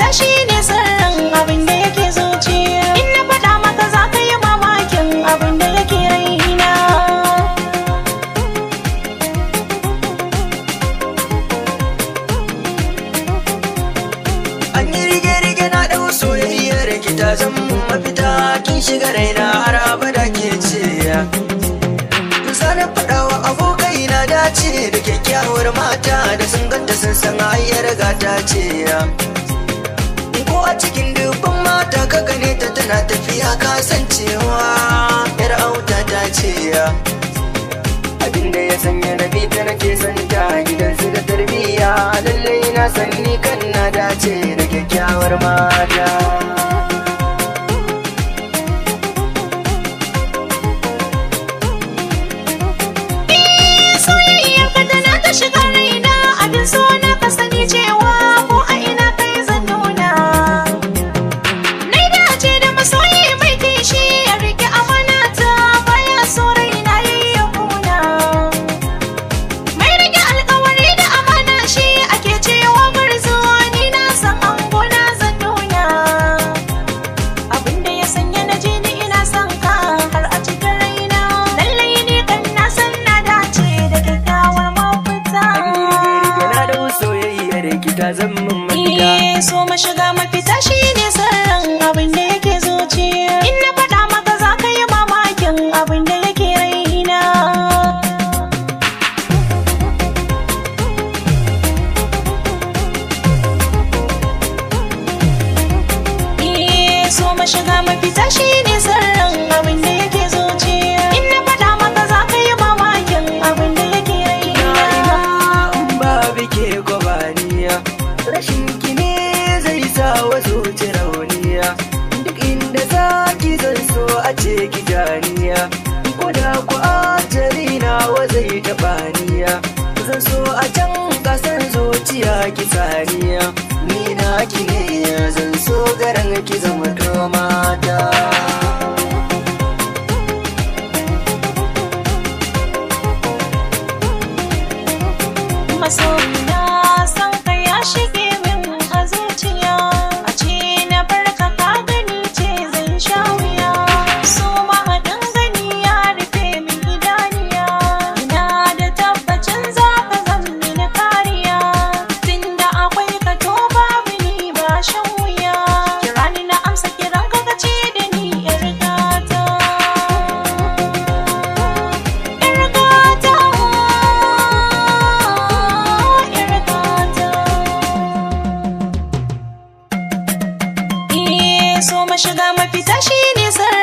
Tashi ne sirrin abin da yake zuciya In na faɗa maka za ka yi mamakin abin da yake raina An yi rige-rige na ɗau soyayyar ki mafita kin shiga raina har abada ke ce Zana faɗawa abokaina dace da kyakkyawar mata da sun ganta sun san ayyar gata ce ya. na tafiya kasancewa yar auta ta ce abinda ya sanya na bi ta nake santa gidan su da tarbiyya lallai na san ni kan na dace da kyakkyawar mata gida so mashiga mafita ne sirrin abin da yake zuciya in na faɗa maka za ka yi mamakin abin da yake raina so mashiga mafita shine wasu ci rauniya duk inda za ki so a ce ki janiya ko da ku a na wa zai taɓa niya zan so a can kasan zuciya ki saniya ni na ki ne zan so garan ki zama mata. shiga mafita shine sarrafa